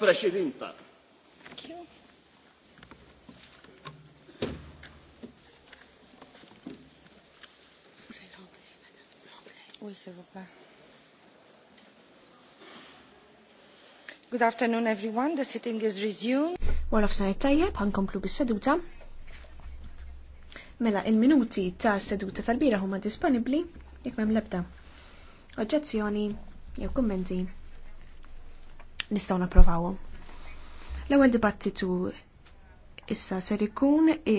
preċedinta. Good afternoon everyone, the sitting is resumed. Wara f'sanet tajjeb, ħankomplu bis-seduta. Mela, il-minuti ta' seduta tal-bira huma disponibbli jekk m'hemm l-ebda. Oġġezzjoni jew kummenti nistgħu napprovawhom. L-ewwel dibattitu issa ser ikun